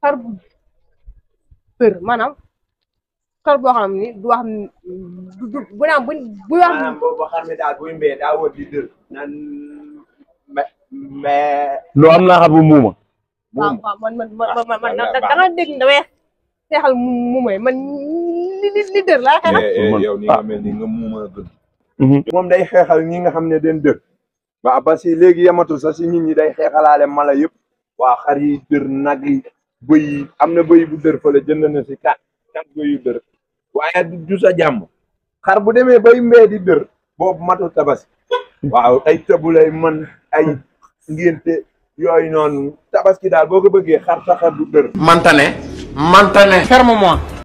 xar bu për maanaam xar boo xam ni du wax du bu naan xam ne daal buy mbéy daa wër di dër. naan mais. loo am naa xar bu muuma. man man man man da nga muuma man li dër laa xeexal. Eh, eh, muuma mhm. moom day xeexal ñi nga xam ne den dër. waaw parce que léegi yamatu sax si nit ñi day xeexalaale mala yëpp. waa dër nag yi. bëy yi am na bëy bu dër fële jënd na si kat kat bëy yu dër waaye sa jàmm xar bu demee bay mbee di dër boobu matul tabaski waaw ay tëbulay man ay ngénte yooyu noonu tabaski daal boo ko bëggee xar sa xar du dër mantane mantane ferme